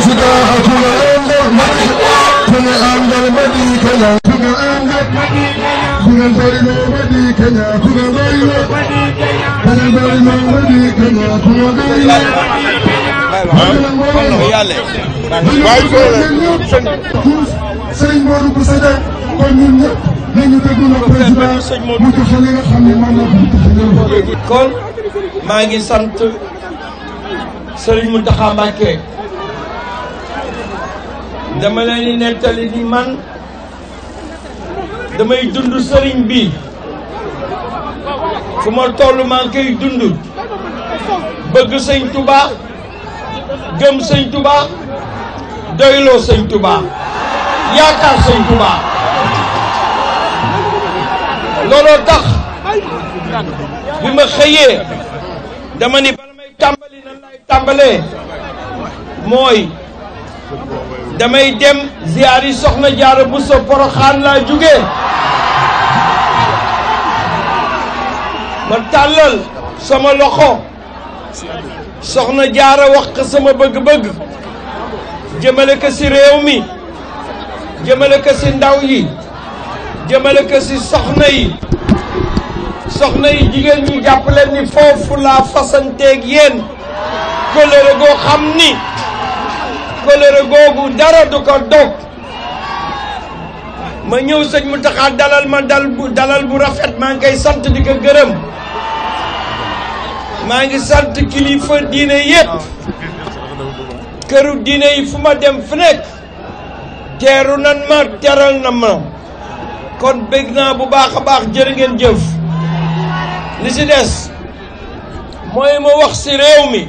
شجاعة الأمة كنا أنجل مديكنا كنا أنجل كنا ضرب مديكنا كنا ضرب كنا ضرب مديكنا كنا ضرب Serigne Modou Bousso Dieng kon ñun ñëpp nañu déglu le président mu joxe li nga xam ne man la kon maa ngi sant Serigne Mountakha Mbacké dama leen di nettali ni man damay dund sëriñ bi fu ma toll maa ngi koy dund sëñ Touba gëm sëñ Touba doyloo sëñ Touba yaakaar sëñ Touba looloo tax bi ma xëyee dama ni bala tàmbali nan lay tàmbalee mooy damay dem ziyaari soxna jaara bu so poroxaan laa jóge ma tàllal sama loxo soxna jaara wax ko sama bëgg-bëgg jëmale ko ci réew mi jëmale ko ci ndaw yi jëmale ko ci soxna yi soxna yi jigéen ñi jàppaleen ni foofu laa fasanteeg yéen kóllëre xam ni kóllëre googu dara du ñëw sëñ mu taxaa dalal sant di ko ngi sant kilifa diine yépp këru diine yi fu ma dem fu nekk teeru nan ma teral na ma kon bég naa bu baax a baax jërë ngeen jëf li ci des mooy ma wax ci réew mi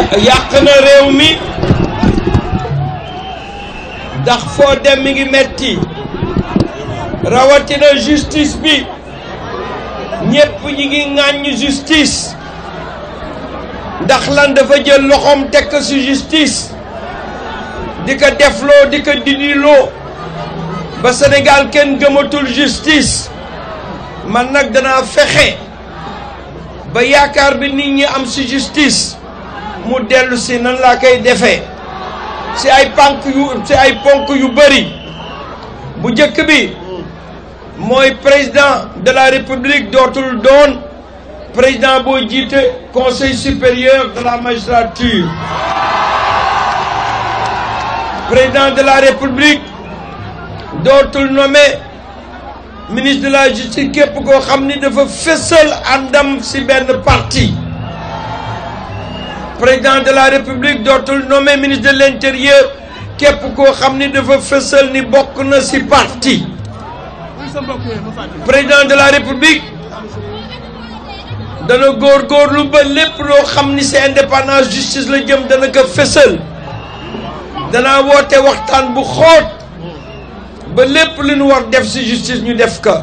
yàq na réew mi ndax foo dem mi ngi metti rawatina justice bi ñépp ñi ngi ŋàññ justice ndax lan dafa jël loxoom tekk ci justice di ko defloo di ko diniloo ba Sénégal kenn gëmatul justice man nag danaa fexe ba yaakaar bi nit ñi am ci justice mu dellu si nan laa koy defe si ay pank yu si ay ponk yu bëri bu njëkk bi mooy président de la république dootul doon président boo jiite conseil supérieur de la magistrature président de la république dootul nommé ministre de la justice képp koo xam ni dafa fësal àndam si benn parti président de la république dootul nommé ministre de l'intérieur képp koo xam ni dafa fësal ni bokk na ci parti président de la république dana góorgóorlu ba lépp loo xam ni ci indépendance justice la jëm dana ko fësal danaa woote waxtaan bu xóot ba lépp lu ñu war def ci justice ñu def ko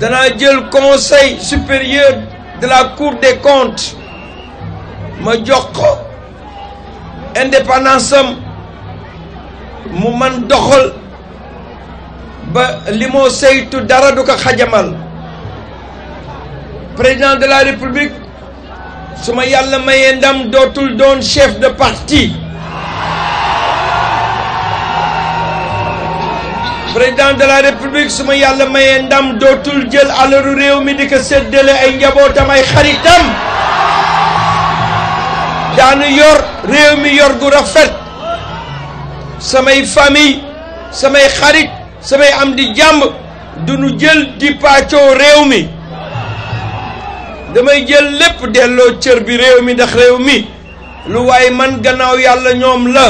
danaa jël conseil supérieur de la cour des comptes ma jox ko indépendance am mu man doxal ba li moo saytu dara du ko xajamal président de la république su ma yàlla mayee ndam dootul doon chef de parti président de la république su ma yàlla mayee ndam dootul jël alalu réew mi di ko séddale ay njabootam ay xaritam daanu yor réew mi yor gu rafet samay famille samay xarit samay am di jàmb du nu jël di pàccoo réew mi damay jël lépp delloo cër bi réew mi ndax réew mi lu waaye man gannaaw yàlla ñoom la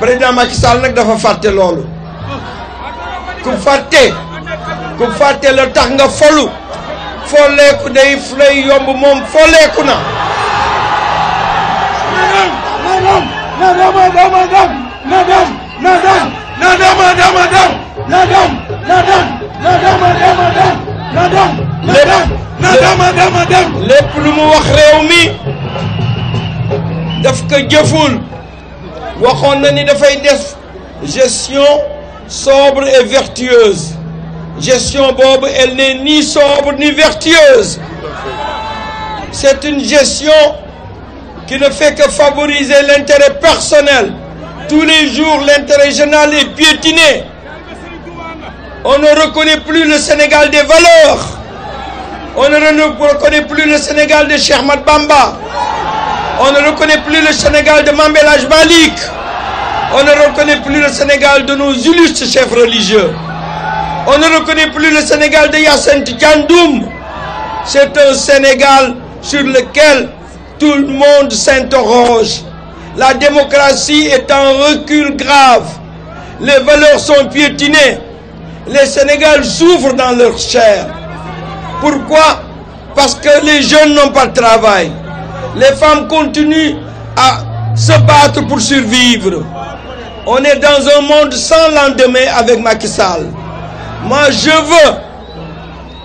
président Macky nag dafa fàtte loolu ku fàtte ku fàtte la tax nga folu folleeku day lay yomb moom folleeku na na dama dama dam na dam na dam na dama dama dam na dam na dam na dama dama dam na dam na dam na dama dama dam lépp lu mu wax réew mi daf ko jëful waxoon na ni dafay def gestion sobre et vertueuse gestion boobu elle n'est ni sobre ni vertueuse c'est une gestion qui ne fait que favoriser l'intérêt personnel. Tous les jours, l'intérêt général est piétiné. On ne reconnaît plus le Sénégal des valeurs. On ne reconnaît plus le Sénégal de Cheikh Ahmad Bamba. On ne reconnaît plus le Sénégal de Mambel Malik. On ne reconnaît plus le Sénégal de nos illustres chefs religieux. On ne reconnaît plus le Sénégal de Yacine Tchandoum. C'est un Sénégal sur lequel Tout le monde s'interroge. La démocratie est en recul grave. Les valeurs sont piétinées. Les Sénégal souffrent dans leur chair. Pourquoi? Parce que les jeunes n'ont pas de travail. Les femmes continuent à se battre pour survivre. On est dans un monde sans lendemain avec Macky Moi, je veux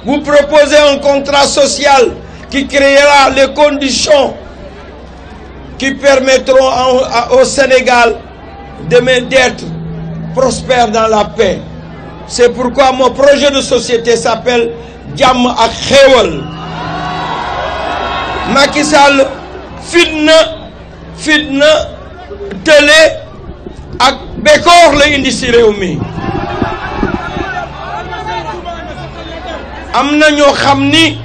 vous proposer un contrat social qui créera les conditions qui permettront au Sénégal demain d'être prospère dans la paix. C'est pourquoi mon projet de société s'appelle Jàmm ak Xéewal. Macky fitna fitna ak békoor la indi ci am na ñoo xam ni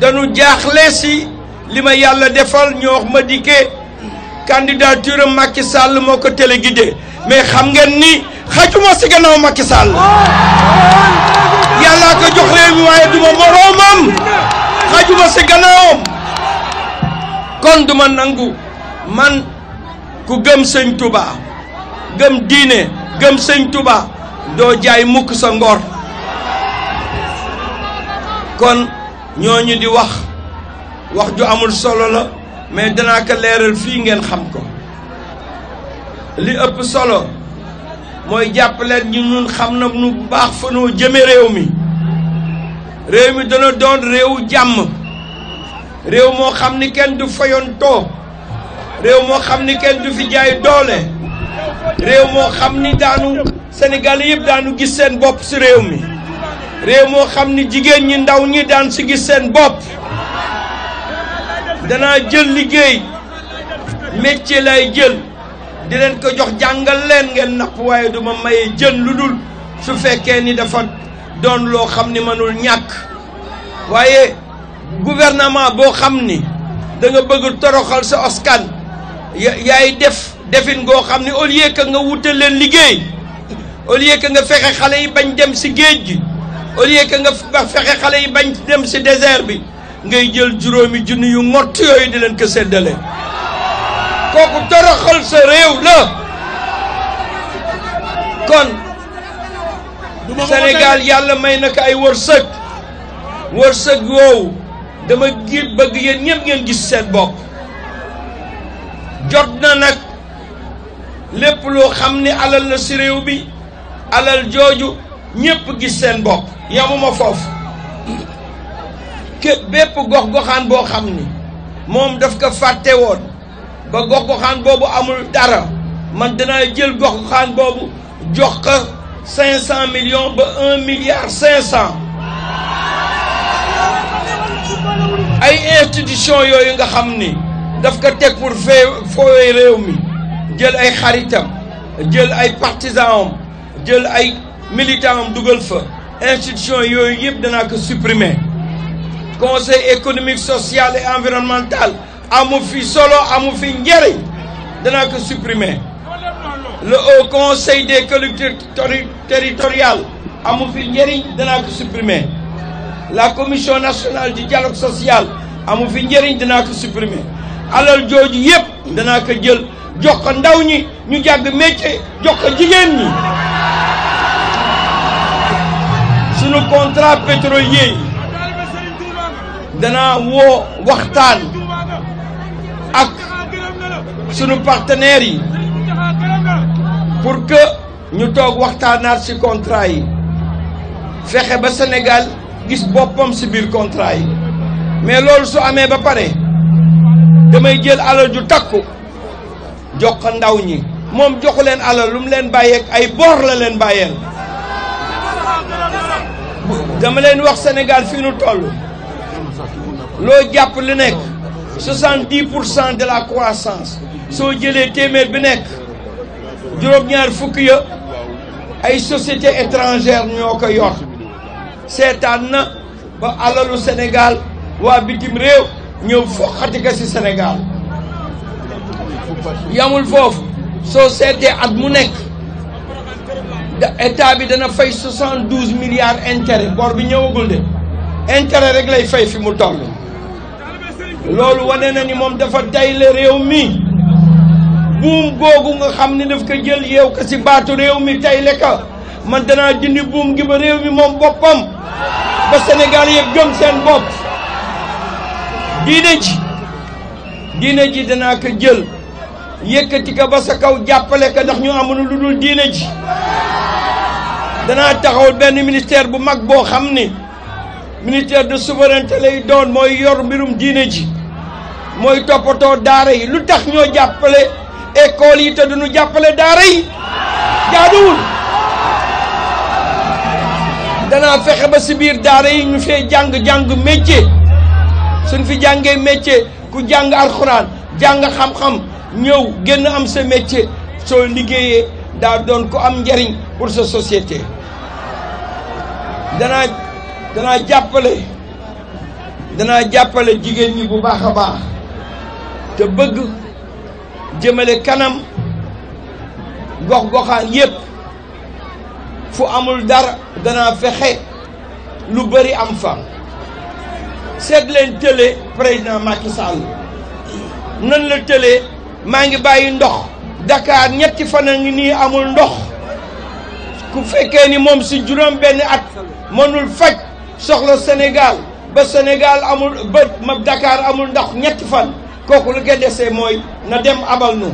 dañu jaaxle ci. li ma yàlla defal ñoo wax ma dikkee candidature Macky moo ko téléguidé mais xam ngeen ni xajuma si gannaaw Macky yàllaa ko jox waaye duma moroomam xajuma si gannaawam kon duma nangu man ku gëm sëñ Touba gëm diine gëm sëñ Touba doo jaay mukk sa ngor kon ñooñu di wax wax ju amul solo la mais dinaa ko leeral fii ngeen xam ko li ëpp solo mooy jàppaleen ñi ñun xam na nu bu baax fanoo jëme réew mi réew mi dana doon réewu jàmm réew moo xam ni kenn du fayoontoo réew moo xam ni kenn du fi jaay doole réew moo xam ni daanu senegal yëpp daanu gis seen bopp si réew mi réew moo xam ni jigéen ñi ndaw ñi daan si gis seen bopp danaa jël liggéey métier lay jël di leen ko jox jàngal leen ngeen napp waaye duma maye jën lu dul su fekkee ni dafa doon loo xam ni mënul ñàkk waaye gouvernement boo xam ni danga nga bëgg toroxal sa askan yaay def defin goo xam ni au lieu que nga wutal leen liggéey au lieu que nga fexe xale yi bañ dem si géej gi au lieu que nga fexe xale yi bañ dem si désert bi ngay jël juróomi junni yu ngott yooyu di leen ko séddale kooku toroxal sa réew la kon Sénégal yàlla may na ko ay wërsëg wërsëg woowu dama gi bëgg yéen ñëpp ngeen gis seen bopp jot na nag lépp loo xam ni alal la ci réew bi alal jooju ñépp gis seen bopp yamuma foofu bépp gox goxaan boo xam ni moom daf ko fàtte woon ba gox goxaan boobu amul dara man danaa jël gox goxaan boobu jox ko cinq cent millions ba un milliard cinq cent ay institution yooyu nga xam ni daf ko teg pour fee fooy réew mi jël ay xaritam jël ay partisans jël ay militants am dugal fa institution yooyu yëpp danaa ko supprimer conseil économique social et environnemental amu fi solo amu fi njëriñ danaa ko supprimer le haut conseil des collectivités territoriales amu fi njëriñ danaa ko la commission nationale di dialogue social amu fi njëriñ danaa ko supprimer alal jooju yëpp danaa jël jox ndaw ñi ñu jàgg métier jox ko ñi sunu contrat pétrolier yi danaa woo waxtaan ak sunu partenaires yi pour ñu toog waxtaanaat ci contrat yi fexe ba Sénégal gis boppam ci biir contrat yi mais loolu su amee ba pare damay jël alal ju takku jox ko ndaw ñi moom joxu leen alal lu mu leen bàyyeeg ay bor la leen bàyyeel dama leen wax Sénégal fii nu toll loo jàpp lu nekk soixante-dix pour cent de la croissance soo jëlee téeméer bi nekk juróom-ñaar fukk ya ay société étrangère ñoo ko yor seetaan na ba alalu Sénégal waa bitim réew ñëw foqati ko ci Sénégal yamul foofu soo seetee at mu nekk état bi dana fay soixante-douze milliards intérêt bor bi ñëwagul de intérêt rek lay fay fi mu toll loolu wane na ni moom dafa tayle réew mi buum googu nga xam ne jël yeew ko si réew mi tay ka man danaa jëndi buum gi ba réew mi moom boppam ba Sénégal yëpp gëm seen bopp diine ji diine ji danaa ko jël yëkkati ka ba sa kaw jàppale ka ndax ñu amul lu dul diine ji danaa taxawul benn ministère bu mag boo xam ni ministère de souveraineté lay doon mooy yor mbirum diine ji mooy toppatoo daara yi lu tax ñoo jàppale école yi te duñu jàppale daara yi jaaduwul danaa fexe ba si biir daara yi ñu fee jàng-jàng métier suñ fi jàngee métier ku jàng alxuraan jàng xam-xam ñëw génn am sa métier soo liggéeyee daa doon ko am njariñ pour sa société danaa danaa jàppale danaa jàppale jigéen ñi bu baax a baax te bëgg jëmale kanam gox goxaan yépp fu amul dara danaa fexe lu bari am fa seet leen télé président Macky Sall nan la télé maa ngi bàyyi ndox Dakar ñetti fan ni amul ndox ku fekkee ni moom si juróom benn at mënul faj soxla Sénégal ba Sénégal amul ba ma Dakar amul ndox ñetti fan kooku lu koy desee mooy na dem abal nu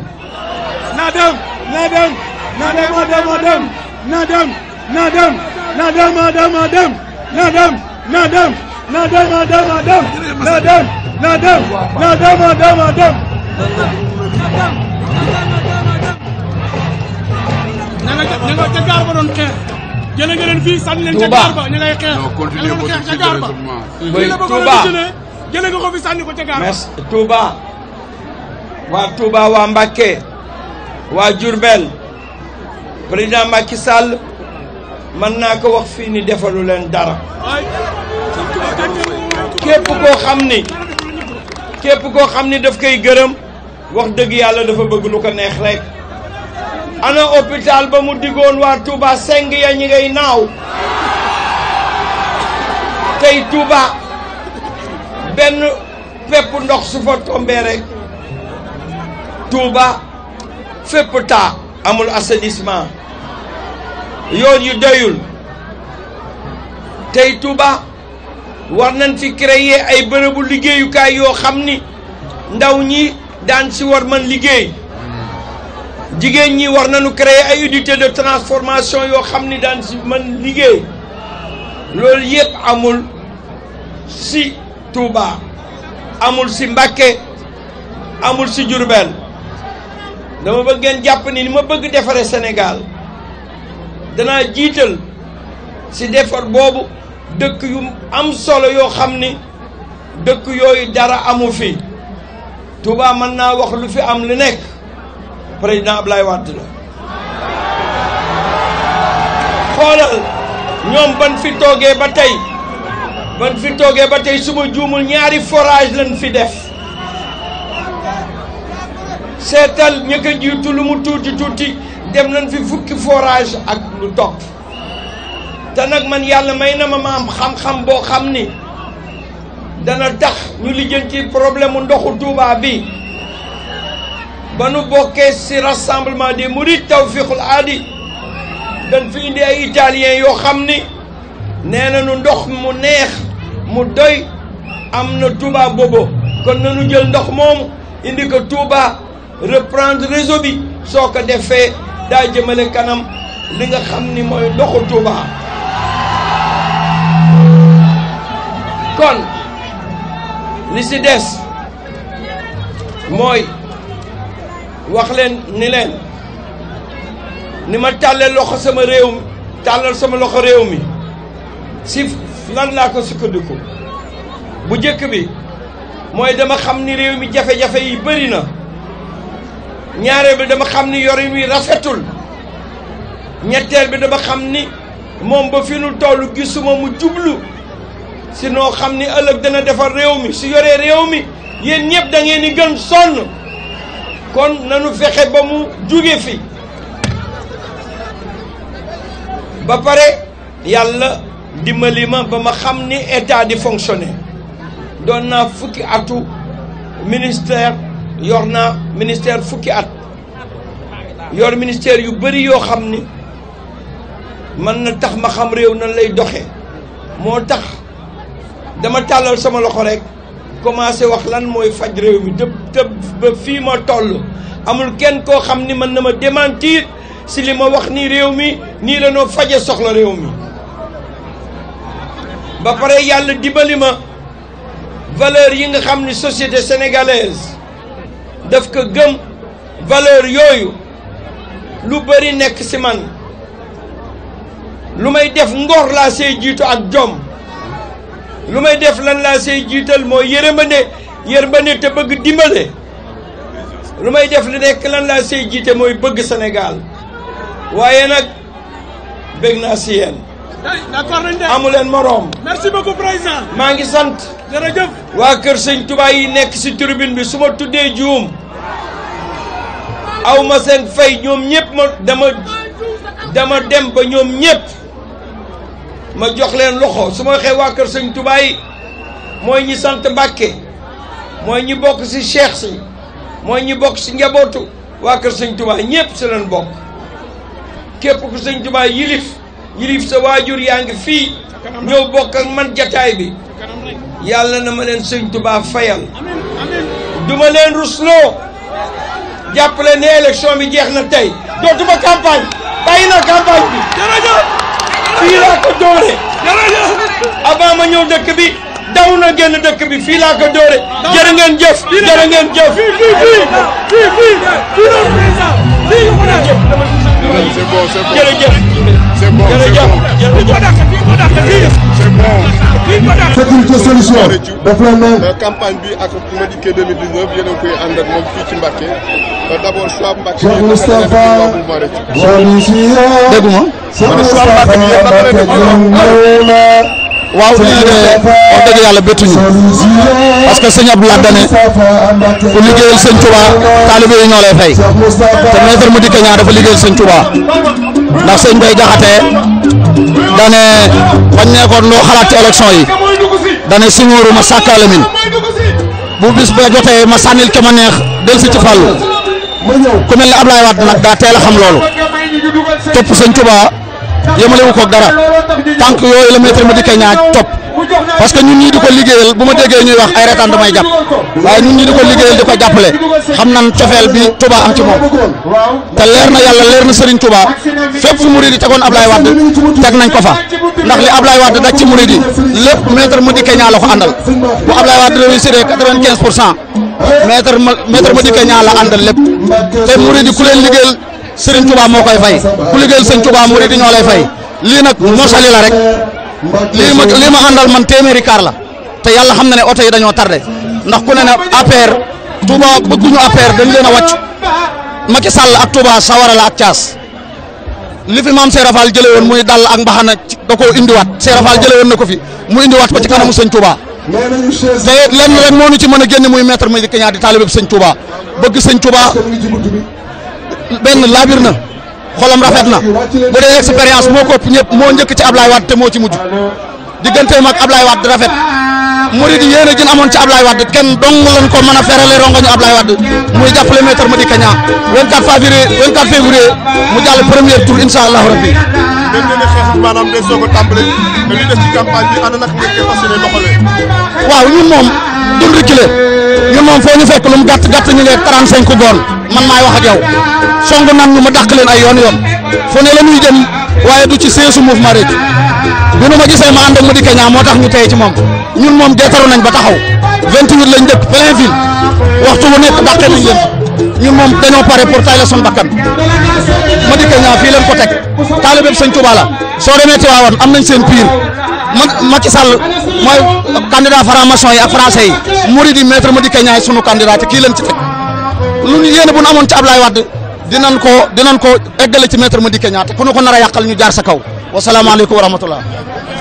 na dem na dem na dem a dem a dem na dem na dem na dem a dem a dem na dem na dem na dem a dem a dem na dem na dem na dem a dem a dem na nga ca gaar ba doon xeex jële nga leen fii sànni leen ca gaar ba ñu ngay xeex ñu ba fii la bëggoon a waa Touba waa Mbacké waa Diourbel président Macky Sall mën naa ko wax fii ni defalu leen dara képp koo xam ni képp koo xam ni daf koy gërëm wax dëgg yàlla dafa bëgg lu ko neex rek ana hôpital ba mu diggoon waa Touba seng ya ñi ngay naaw tey Touba benn pepp ndox su fa tombee taa amul assainissement yoon yu doyul tey Touba war nañ fi créer ay bërëbu liggéeyukaay yoo xam ni ndaw ñi daan si war mën liggéey jigéen ñi war nañu créer ay unité de transformation yoo xam ni daan si mën liggéey loolu yépp amul si Touba amul si Mbacké amul si Diourbel dama bëgg jàpp ni ni ma bëgg defaree Sénégal danaa jiital si defar boobu dëkk yu am solo yoo xam ni dëkk yooyu dara amu fi Touba mën naa wax lu fi am lu nekk président Ablaye Wade la xoolal ñoom ban fi toogee ba tey ban fi toogee ba tey suma juumul ñaari forage lañ fi def seetal ña ko tuuti tuuti dem nañ fi fukki forage ak lu topp te nag man yàlla may na ma ma am xam-xam boo xam ni dana tax ñu lijjanti problème mu ndoxu Touba bi ba nu bokkee ci rassemblement des mourides tawfiqul aadi dañ fi indi ay italiens yoo xam ni nee nañu ndox mu neex mu doy am na Touba boobu kon nañu jël ndox moomu indi ko Touba reprendre réseau bi soo ko defee daa jëmale kanam li nga xam ni mooy ndoxu Touba kon li ci des mooy wax leen ni leen ni ma tàllal loxo sama réew tàllal sama loxo réew mi si lan laa ko sukkandiku bu njëkk bi mooy dama xam ni réew mi jafe-jafe yi bëri na ñaareel bi dama xam ni yorin wi rafetul ñetteel bi dama xam ni moom ba fi nu toll gisuma mu jublu si noo xam ni ëllëg dana defar réew mi su yoree réew mi yéen ñëpp da ngeen di gën sonn kon nanu fexe ba mu jóge fi ba pare yàlla dimmali ma ba ma xam ni état di fonctionner doon naa fukki atu ministère yor naa ministère fukki at yor ministère yu bëri yoo xam ni mën na tax ma xam réew nan lay doxe moo tax dama tàllal sama loxo rekk commencé wax lan mooy faj réew mi dëpp dëpp ba fii ma toll amul kenn koo xam ni mën na ma démentir si li ma wax nii réew mi nii la noo faje soxla réew mi ba pare yàlla dimbali ma valeur yi nga xam ni société sénégalaise daf ko gëm valeur yooyu lu bëri nekk si man lu may def ngor laa see jiitu ak jom lu may def lan laa say jiital mooy yërmande yërmande te bëgg dimbale lu may def lu nekk lan laa say jiite mooy bëgg Sénégal waaye nag bëgg na si yéen nañ de amu leen moroom merci maa ngi sant jërëjëf waa kër sëñ Touba yi nekk si tribune bi suma tuddee juum aw ma seen fay ñoom ñëpp ma dama dama dem ba ñoom ñëpp ma jox leen loxo su ma waxee waa kër sëñ tubaay mooy ñi sant Mbàkke mooy ñi bokk si cheikh si mooy ñi bokk ci njabootu waa kër sëñ Tuubaa ñépp si leen bokk képp ku sëñ Tuubaa yilif yilif sa waajur yaa ngi fii ñëw bokk ak man jataay bi yàlla na ma leen sëñ Tuubaa fayal duma leen rusloo jàppale ne élection bi jeex na tey dootuma campagne bàyyi na campagne bi jërëjëf fii laa dóore avant ma dëkk bi daw na génn dëkk bi fii laa ko dóore jërë ngeen jëf jërë ngeen jëf fii fii fii fii fii fii la président bi ak Cheikh Moustapha dégg ma ma ne Soham Mbacké bi yéen naka la def waaw lii de wax dëgg yàlla bettuñu parce que sëñ Abdoulaye dane ku liggéeyal sëñ Touba taalibe yi ñoo lay fay te maître mu dikk ñaa dafa liggéeyal sëñ Touba ndax sëñ Bay Jaxate dane bañ nekkoon xalaat ci élection yi dane si nguuru ma sàkkaale min bu bis ba jotee ma sànnil ke ma neex del si ci fàllu ku mel ne Ablaye Wade nag daa teel xam loolu topp sëñ Tuubaa yemalewu ko dara tànk yooyu la maître Madické Niang topp parce que ñun ñii ko liggéeyal bu ma déggee ñuy wax ay retaan damay jàpp waaye ñun ñii di ko liggéeyal di ko jàppale xam nan cofeel bi Touba am te leer na yàlla leer na Serigne Touba fépp fu murid yi tegoon Ablaye Wade teg nañ ko ndax li Ablaye Wade daj ci murid yi lépp maître Madické la ko bu Ablaye Wade réussir 95 pour cent maître maître la àndal lépp te murid yi ku Serigne Touba moo koy fay ku liggéeyal Serigne Touba murid ñoo lay fay lii nag mosali la rek lii ma lii ma àndal man téeméeri kaar la te yàlla xam na ne oto yi dañoo tardé ndax ku ne ne APR Touba bëgguñu APR dañ leen a wàcc Macky Sall ak Touba sawara la ak caas li fi maam Seera Fall jëlee woon muy dal ak mbaxana da indiwaat Seera Fall jëlee woon na ko fi mu indiwaat ko ci kanamu Sëñ Touba te lenn rek moo ñu ci mën a génn muy maître muy di Kenya di taalibe bi Sëñ Touba benn labir na xolam rafet na bu dee expérience moo ko ëpp moo njëkk ci Ablaye Wade te moo ci mujj digganteem ak Ablaye Wade rafet murid yi yéen a jën amoon ci Ablaye Wade kenn dong ko mën a ferale rongoñu Ablaye Wade muy jàppale maître Madické mu jàll premier tour incha allahu rabbi. ngeen ne ne xeex bi maanaam day soog a tàmbale ci campagne bi ànd nag ngeen koy fas yéene doxalee. waaw ñun moom duñ reculer ñun moom foo ñu fekk lu mu gàtt ñu ngi goon. man maay wax ak yow song nan ñu ma dàq leen ay yoon yoon fu ne la ñuy jëm waaye du ci seesu mouvement rek bi nu ma gisee ma ànd ak ma di Kenya moo tax ñu tey ci moom ñun moom deetaru nañ ba taxaw 28 lañ dëkk Blainville waxtu bu nekk dàqe nañ leen ñun moom dañoo pare pour tay la son bakkan ma di Kenya fii leen ko teg taalibe bi sëñ Tuubaa la am nañ seen piir Macky Sall mooy candidat franc-maçon yi ak français yi murid yi maître Madické sunu ci teg lu ñu yéene bu nu amoon ci Ablaye Wade dinañ ko dinañ ko eggale ci maître Madické Niang te ku ñu ko nar a yàqal ñu jaar sa kaw wasalaamaaleykum wa rahmatullah